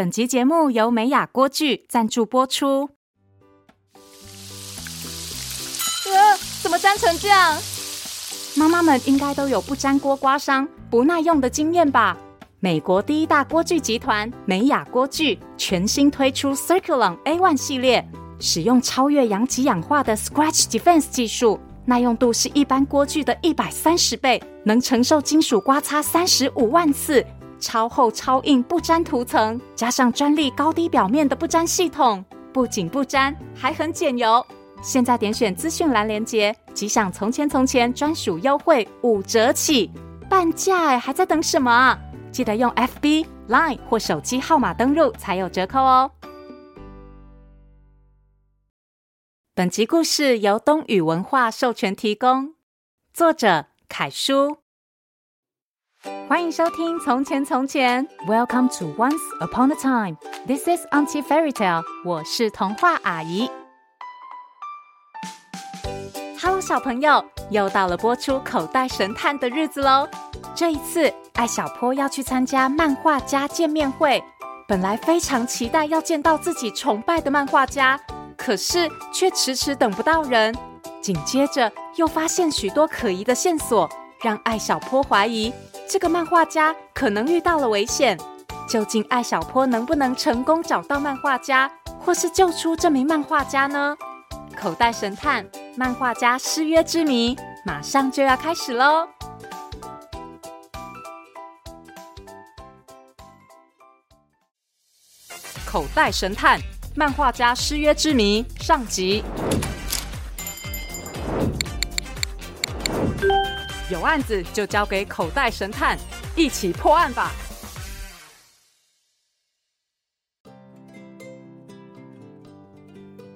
本集節目由美亞鍋具贊助播出。呃、啊，怎麼粘成這樣？媽媽們應該都有不粘鍋刮傷、不耐用的經驗吧？美國第一大鍋具集團美亞鍋具全新推出 Circulon A1 系列，使用超越陽極氧化的 Scratch Defense 技術，耐用度是一般鍋具的一百三十倍，能承受金屬刮擦三十五萬次。超厚超硬不粘塗層，加上專利高低表面的不粘系統，不僅不粘，還很減油。現在點選資訊欄連接，即享從前從前專屬優惠五折起，半價哎，還在等什麼？記得用 FB、Line 或手機號碼登入才有折扣哦。本集故事由東雨文化授權提供，作者凱叔。歡迎收聽《從前從前》，Welcome to Once Upon a Time。This is Auntie Fairy Tale。我是童話阿姨。Hello，小朋友，又到了播出口袋神探的日子嘍！這一次，艾小坡要去參加漫畫家見面會，本來非常期待要見到自己崇拜的漫畫家，可是卻遲遲等不到人。緊接着，又發現許多可疑的線索，讓艾小坡懷疑。這個漫畫家可能遇到了危險，究竟，艾小坡能不能成功找到漫畫家，或是救出這名漫畫家呢？口袋神探：漫畫家失約之謎，馬上就要開始嘍！口袋神探：漫畫家失約之謎上集。有案子就交給口袋神探，一起破案吧。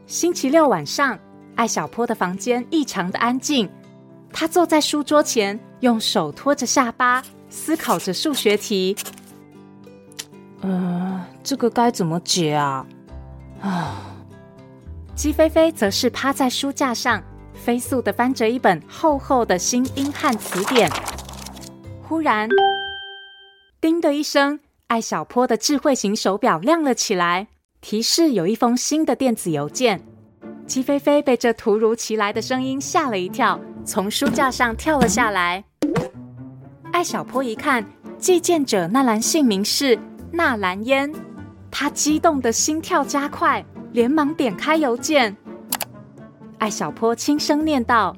星期六晚上，艾小坡的房間異常的安靜，他坐在書桌前，用手托着下巴，思考着數學題。嗯、呃，這個該怎麼解啊？啊！姬菲菲則是趴在書架上。飛速地翻着一本厚厚的新英漢詞典，忽然，叮的一聲，艾小坡的智慧型手表亮了起來，提示有一封新的電子郵件。姬菲菲被這突如其來的聲音嚇了一跳，從書架上跳了下來。艾小坡一看，寄件者納蘭，姓名是納蘭嫣，他激動的心跳加快，連忙點開郵件。艾小坡輕聲念道：“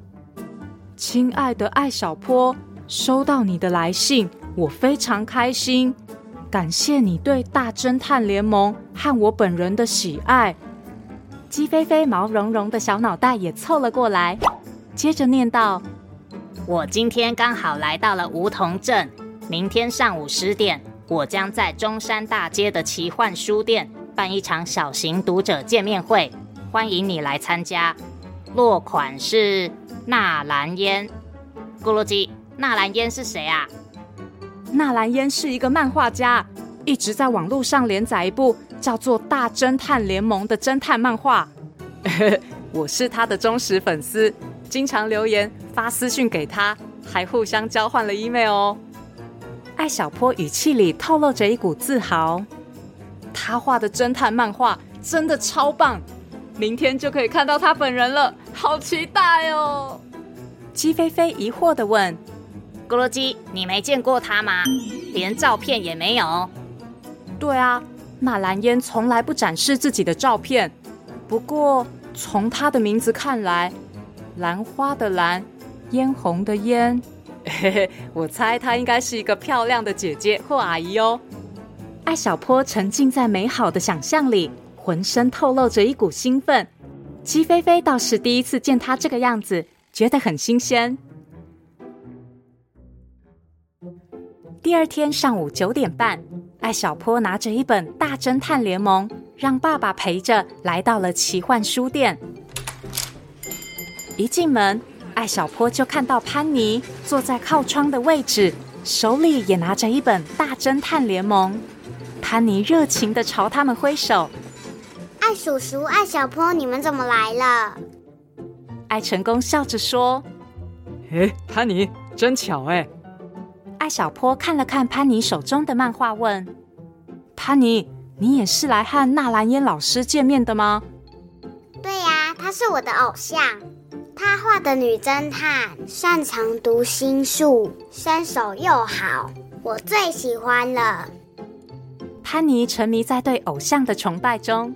親愛的艾小坡，收到你的來信，我非常開心。感謝你對大偵探聯盟和我本人的喜愛。”雞飛飛毛茸茸的小腦袋也湊了過來，接着念道：“我今天剛好來到了梧桐鎮，明天上午十點，我將在中山大街的奇幻書店辦一場小型讀者見面會，歡迎你來參加。”落款是納蘭嫣，咕嚕雞。納蘭嫣是誰啊？納蘭嫣是一個漫畫家，一直在網絡上連載一部叫做《大偵探聯盟》的偵探漫畫。 我是他的忠實粉絲，經常留言、發私信給他，還互相交換了 email 哦。艾小坡語氣裡透露着一股自豪，他畫的偵探漫畫真的超棒，明天就可以看到他本人了。好期待哦！雞飛飛疑惑的問：“咕嚕雞，你沒見過她嗎？連照片也沒有。”“對啊，納蘭嫣從來不展示自己的照片。不過從她的名字看來，蘭花的蘭，嫣紅的嫣，嘿嘿，我猜她應該是一個漂亮的姐姐或阿姨哦。”艾小坡沉浸在美好的想象裡，渾身透露着一股興奮。雞飛飛倒是第一次見他這個樣子，覺得很新鮮。第二天上午九點半，艾小坡拿着一本《大偵探聯盟》，讓爸爸陪着來到了奇幻書店。一進門，艾小坡就看到潘霓坐在靠窗的位置，手裡也拿着一本《大偵探聯盟》。潘霓熱情的朝他們揮手。艾叔叔，艾小坡，你們怎麼來了？艾成功笑着說：“哎，潘霓，真巧哎、欸！”艾小坡看了看潘霓手中的漫畫，問：“潘霓，你也是來和納蘭嫣老師見面的嗎？”“對呀、啊，她是我的偶像，她畫的女偵探擅長讀心術，身手又好，我最喜歡了。”潘霓沉迷在對偶像的崇拜中。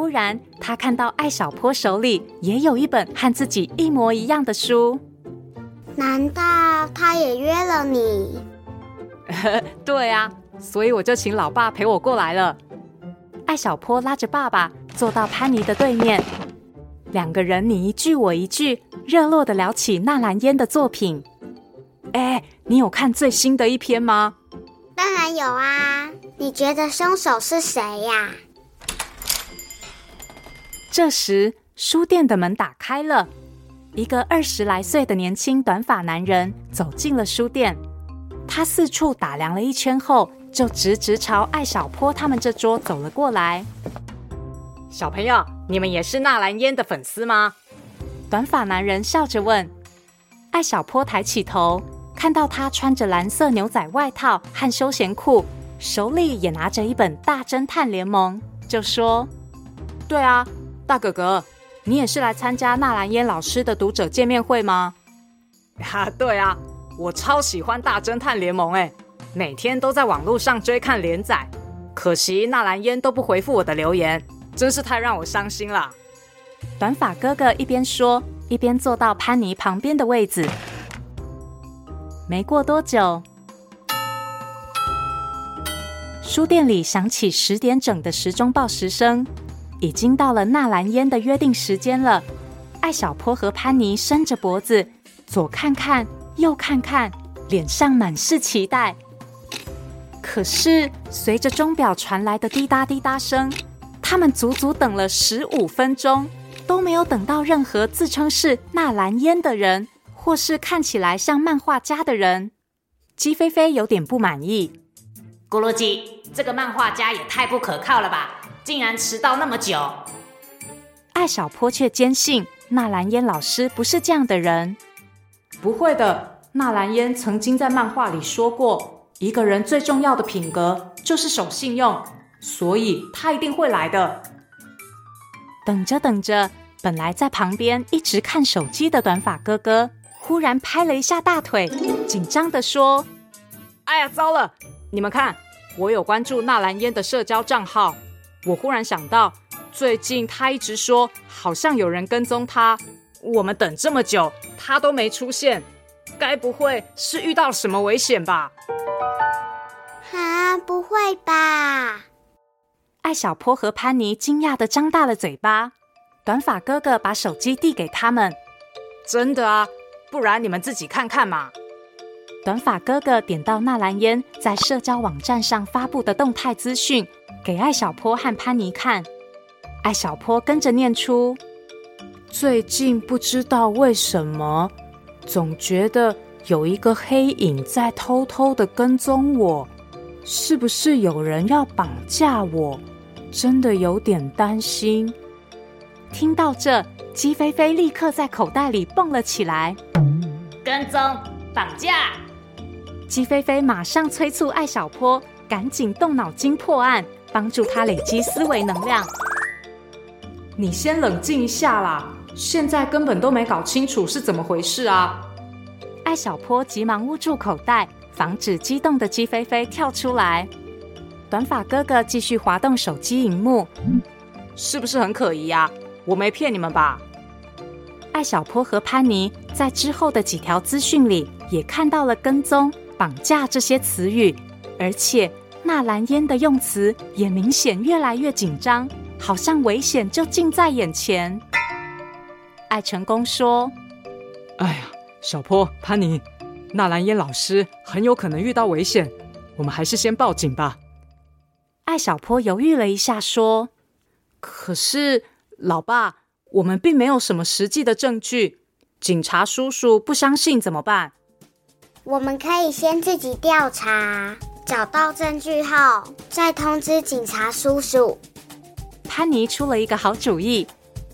突然，他看到艾小坡手裡也有一本和自己一模一樣的書。難道他也約了你？ 對啊，所以我就請老爸陪我過來了。艾小坡拉着爸爸坐到潘霓的對面，兩個人你一句我一句，熱絡地聊起納蘭嫣的作品。哎，你有看最新的一篇嗎？當然有啊，你覺得凶手是誰呀、啊？這時，書店的門打開了，一個二十來歲的年輕短髮男人走進了書店。他四處打量了一圈後，就直直朝艾小坡他們這桌走了過來。小朋友，你們也是納蘭嫣的粉絲嗎？短髮男人笑着問。艾小坡抬起頭，看到他穿着藍色牛仔外套和休閒褲，手裡也拿着一本《大偵探聯盟》，就說：“對啊。”大哥哥，你也是來參加納蘭嫣老師的讀者見面會嗎？啊，對啊，我超喜歡《大偵探聯盟》哎，每天都在網路上追看連載，可惜納蘭嫣都不回復我的留言，真是太讓我傷心了。短髮哥哥一邊說，一邊坐到潘霓旁邊的位子。沒過多久，書店裡響起十點整的時鐘報時聲。已經到了納蘭嫣的約定時間了，艾小坡和潘霓伸着脖子，左看看右看看，臉上滿是期待。可是隨着鐘錶傳來的滴答滴答聲，他們足足等了十五分鐘，都沒有等到任何自稱是納蘭嫣的人，或是看起來像漫畫家的人。雞飛飛有點不滿意，咕嚕雞，這個漫畫家也太不可靠了吧。竟然遲到那麼久，艾小坡卻堅信納蘭煙老師不是這樣的人。不會的，納蘭煙曾經在漫畫裡說過，一個人最重要的品格就是守信用，所以他一定會來的。等着等着，本來在旁邊一直看手機的短髮哥哥忽然拍了一下大腿，緊張地說：“哎呀，糟了！你們看，我有關注納蘭煙的社交賬號。”我忽然想到，最近他一直說好像有人跟蹤他，我們等這麼久他都沒出現，該不會是遇到什麼危險吧？啊，不會吧！艾小坡和潘霓驚訝地張大了嘴巴，短髮哥哥把手機遞給他們：“真的啊，不然你們自己看看嘛。”短髮哥哥點到納蘭煙在社交網站上發布的動態資訊。給艾小坡和潘霓看，艾小坡跟着念出：“最近不知道為什麼，總覺得有一個黑影在偷偷地跟蹤我，是不是有人要綁架我？真的有點擔心。”聽到這，雞飛飛立刻在口袋裡蹦了起來，跟蹤，綁架。雞飛飛馬上催促艾小坡趕緊動腦筋破案。幫助他累積思維能量。你先冷靜一下啦，現在根本都沒搞清楚是怎麼回事啊！艾小坡急忙捂住口袋，防止激動的雞飛飛跳出來。短髮哥哥繼續滑動手機熒幕，是不是很可疑呀？我沒騙你們吧？艾小坡和潘霓在之後的幾條資訊裡也看到了“跟蹤”“綁架”這些詞語，而且。納蘭嫣的用詞也明顯越來越緊張，好像危險就近在眼前。艾成功說：“哎呀，小坡、潘霓，納蘭嫣老師很有可能遇到危險，我們還是先報警吧。”艾小坡猶豫了一下說：“可是，老爸，我們並沒有什麼實際的證據，警察叔叔不相信怎麼辦？我們可以先自己調查。”找到證據後，再通知警察叔叔。潘霓出了一個好主意，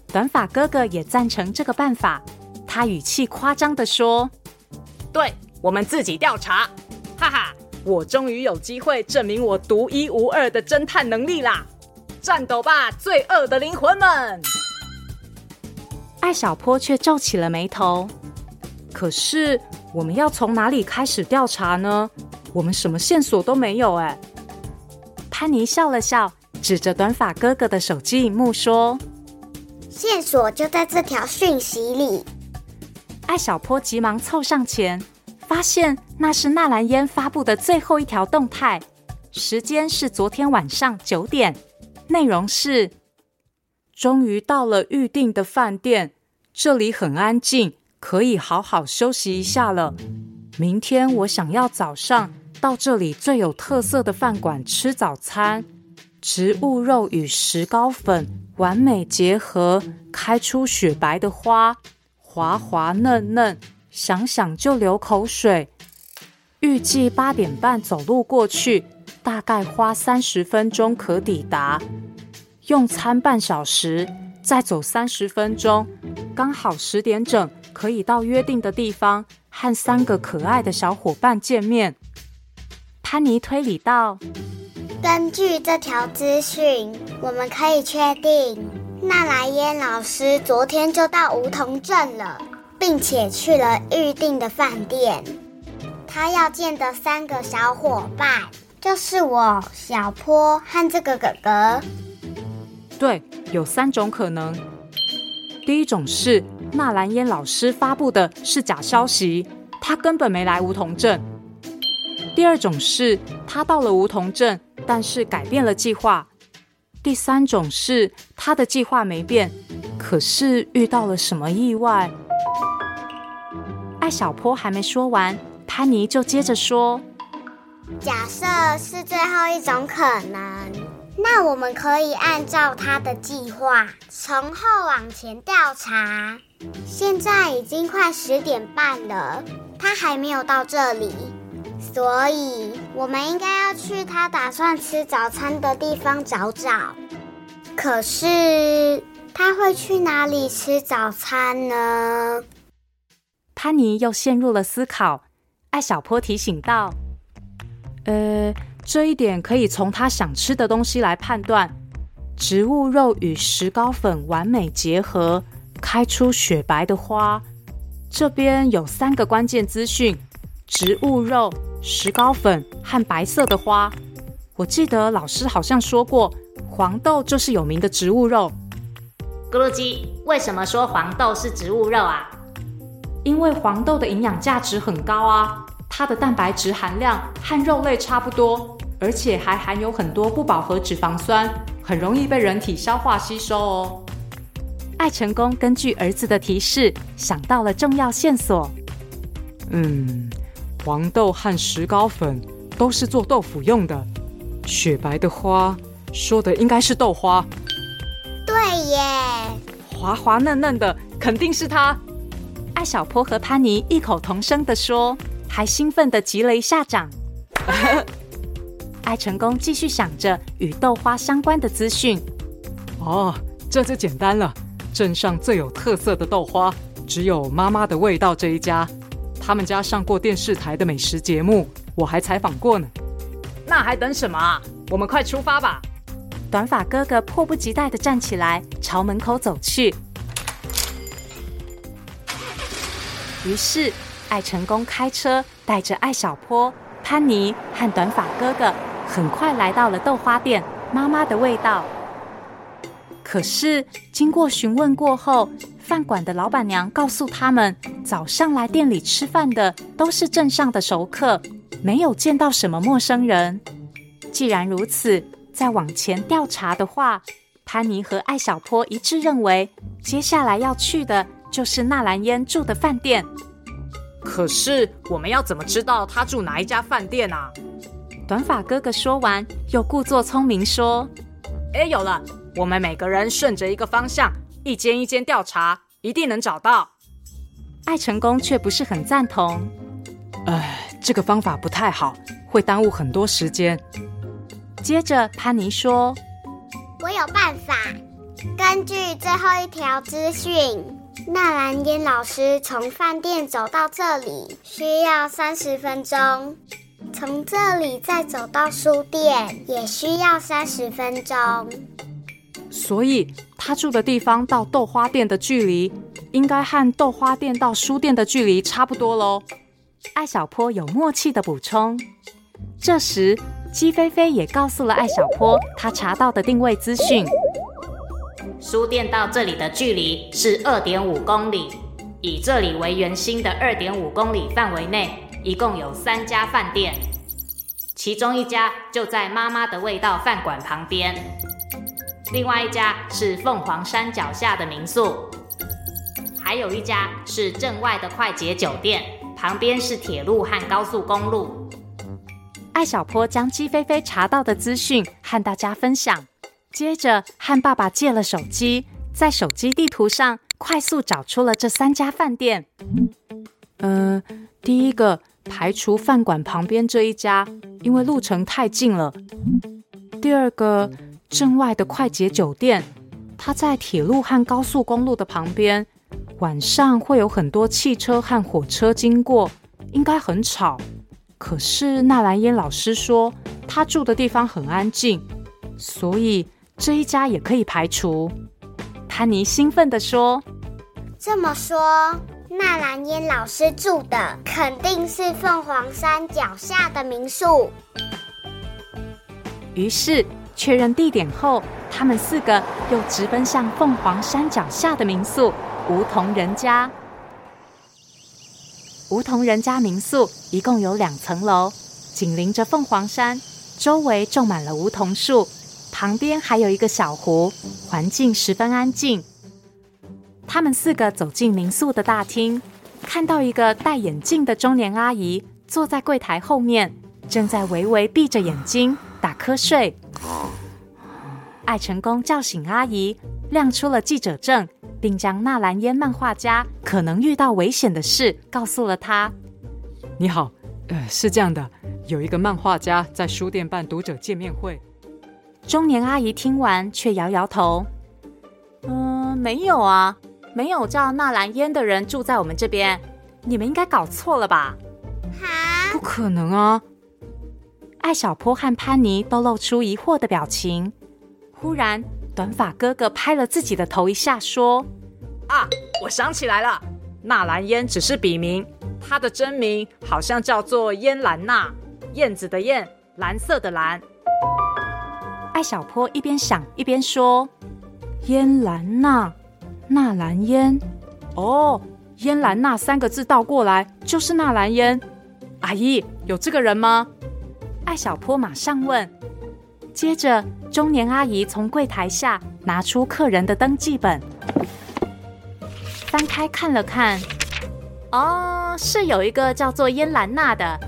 短髮哥哥也贊成這個辦法。他語氣誇張的說：“對，我們自己調查，哈哈，我終於有機會證明我獨一無二的偵探能力啦！戰鬥吧，罪惡的靈魂們！”艾小坡卻皺起了眉頭。可是，我們要從哪裡開始調查呢？我們什麼線索都沒有哎。潘霓笑了笑，指着短髮哥哥的手機螢幕說：“線索就在這條訊息裡。”艾小坡急忙湊上前，發現那是納蘭嫣發布的最後一條動態，時間是昨天晚上九點，內容是：“終於到了預定的飯店，這裡很安靜，可以好好休息一下了。明天我想要早上。”到這裡最有特色的飯館吃早餐，植物肉與石膏粉完美結合，開出雪白的花，滑滑嫩嫩，想想就流口水。預計八點半走路過去，大概花三十分鐘可抵達。用餐半小時，再走三十分鐘，剛好十點整可以到約定的地方和三個可愛的小夥伴見面。潘霓推理道：“根據這條資訊，我們可以確定，納蘭嫣老師昨天就到梧桐鎮了，並且去了預定的飯店。他要見的三個小伙伴，就是我、小坡和這個哥哥。對，有三種可能。第一種是納蘭嫣老師發布的是假消息，他根本沒來梧桐鎮。”第二種是，他到了梧桐鎮，但是改變了計劃；第三種是，他的計劃沒變，可是遇到了什麼意外。艾小坡還沒說完，潘霓就接着說：“假設是最後一種可能，那我們可以按照他的計劃從後往前調查。現在已經快十點半了，他還沒有到這裡。”所以，我們應該要去他打算吃早餐的地方找找。可是，他會去哪裡吃早餐呢？潘霓又陷入了思考。艾小坡提醒道：“呃，這一點可以從他想吃的東西來判斷。植物肉與石膏粉完美結合，開出雪白的花。這邊有三個關鍵資訊：植物肉。”石膏粉和白色的花，我記得老師好像說過，黃豆就是有名的植物肉。咕嚕雞為什麼說黃豆是植物肉啊？因為黃豆的營養價值很高啊，它的蛋白質含量和肉類差不多，而且還含有很多不飽和脂肪酸，很容易被人體消化吸收哦。艾成功根據兒子的提示想到了重要線索，嗯。黃豆和石膏粉都是做豆腐用的。雪白的花，說的應該是豆花。對耶！滑滑嫩嫩的，肯定是它。艾小坡和潘霓異口同聲地說，還興奮地擊了一下掌。 艾成功繼續想着與豆花相關的資訊。哦，這就簡單了。鎮上最有特色的豆花，只有媽媽的味道這一家。他們家上過電視台的美食節目，我還採訪過呢。那還等什麼？我們快出發吧！短髮哥哥迫不及待的站起來，朝門口走去。於是，艾成功開車帶着艾小坡、潘霓和短髮哥哥，很快來到了豆花店——媽媽的味道。可是經過詢問過後，飯館的老闆娘告訴他們，早上來店裡吃飯的都是鎮上的熟客，沒有見到什麼陌生人。既然如此，再往前調查的話，潘霓和艾小坡一致認為，接下來要去的就是納蘭嫣住的飯店。可是我們要怎麼知道她住哪一家飯店啊？短髮哥哥說完，又故作聰明說：“誒，有了。”我們每個人順着一個方向，一間一間調查，一定能找到。艾成功卻不是很贊同。哎、呃，這個方法不太好，會耽誤很多時間。接着，潘霓說：“我有辦法。根據最後一條資訊，納蘭煙老師從飯店走到這裡需要三十分鐘，從這裡再走到書店也需要三十分鐘。”所以，他住的地方到豆花店的距離，應該和豆花店到書店的距離差不多嘍。艾小坡有默契的補充。這時，雞飛飛也告訴了艾小坡他查到的定位資訊：書店到這裡的距離是二點五公里，以這裡為圓心的二點五公里範圍內，一共有三家飯店，其中一家就在媽媽的味道飯館旁邊。另外一家是鳳凰山腳下的民宿，還有一家是鎮外的快捷酒店，旁邊是鐵路和高速公路。艾小坡將雞飛飛查到的資訊和大家分享，接着和爸爸借了手機，在手機地圖上快速找出了這三家飯店。嗯、呃，第一個排除飯館旁邊這一家，因為路程太近了；第二個。鎮外的快捷酒店，它在鐵路和高速公路的旁邊，晚上會有很多汽車和火車經過，應該很吵。可是納蘭嫣老師說，他住的地方很安靜，所以這一家也可以排除。潘霓興奮地說：“這麼說，納蘭嫣老師住的肯定是鳳凰山腳下的民宿。”於是。確認地點後，他們四個又直奔向鳳凰山腳下的民宿——梧桐人家。梧桐人家民宿一共有兩層樓，緊鄰着鳳凰山，周圍種滿了梧桐樹，旁邊還有一個小湖，環境十分安靜。他們四個走進民宿的大廳，看到一個戴眼鏡的中年阿姨坐在櫃台後面，正在微微閉着眼睛打瞌睡。艾成功叫醒阿姨，亮出了記者證，並將納蘭煙漫畫家可能遇到危險的事告訴了他。你好，呃，是這樣的，有一個漫畫家在書店辦讀者見面會。中年阿姨聽完卻搖搖頭，嗯、呃，沒有啊，沒有叫納蘭煙的人住在我們這邊，你們應該搞錯了吧？哈不可能啊！艾小坡和潘霓都露出疑惑的表情。忽然，短髮哥哥拍了自己的頭一下，說：“啊，我想起來了，納蘭嫣只是筆名，他的真名好像叫做燕蘭娜，燕子的燕，藍色的藍。”艾小坡一邊想一邊說：“燕蘭娜，納蘭嫣，哦，燕蘭娜三個字倒過來就是納蘭嫣，阿姨，有這個人嗎？”艾小坡馬上問，接着中年阿姨從櫃檯下拿出客人的登記本，翻開看了看，哦，是有一個叫做煙蘭娜的，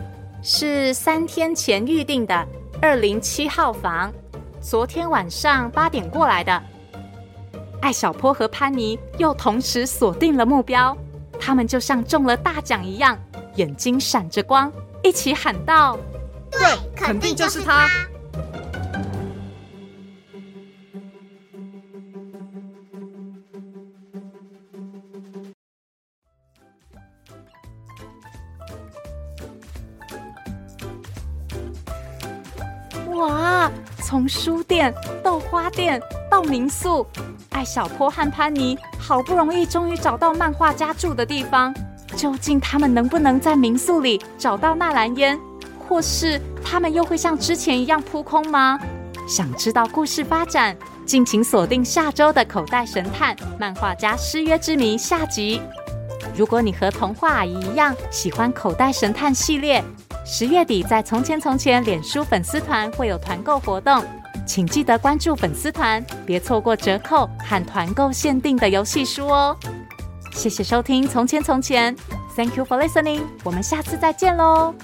是三天前預定的二零七號房，昨天晚上八點過來的。艾小坡和潘霓又同時鎖定了目標，他們就像中了大獎一樣，眼睛閃着光，一起喊道。對，肯定就是他。是他哇！從書店、到花店到民宿，艾小坡和潘霓好不容易終於找到漫畫家住的地方。究竟他們能不能在民宿裡找到納蘭嫣？或是他們又會像之前一樣撲空嗎？想知道故事發展，敬請鎖定下周的《口袋神探》漫畫家失約之謎下集。如果你和童話阿姨一樣喜歡《口袋神探》系列，十月底在《從前從前》臉書粉絲團會有團購活動，請記得關注粉絲團，別錯過折扣和團購限定的遊戲書哦。謝謝收聽《從前從前》，Thank you for listening，我們下次再見嘍。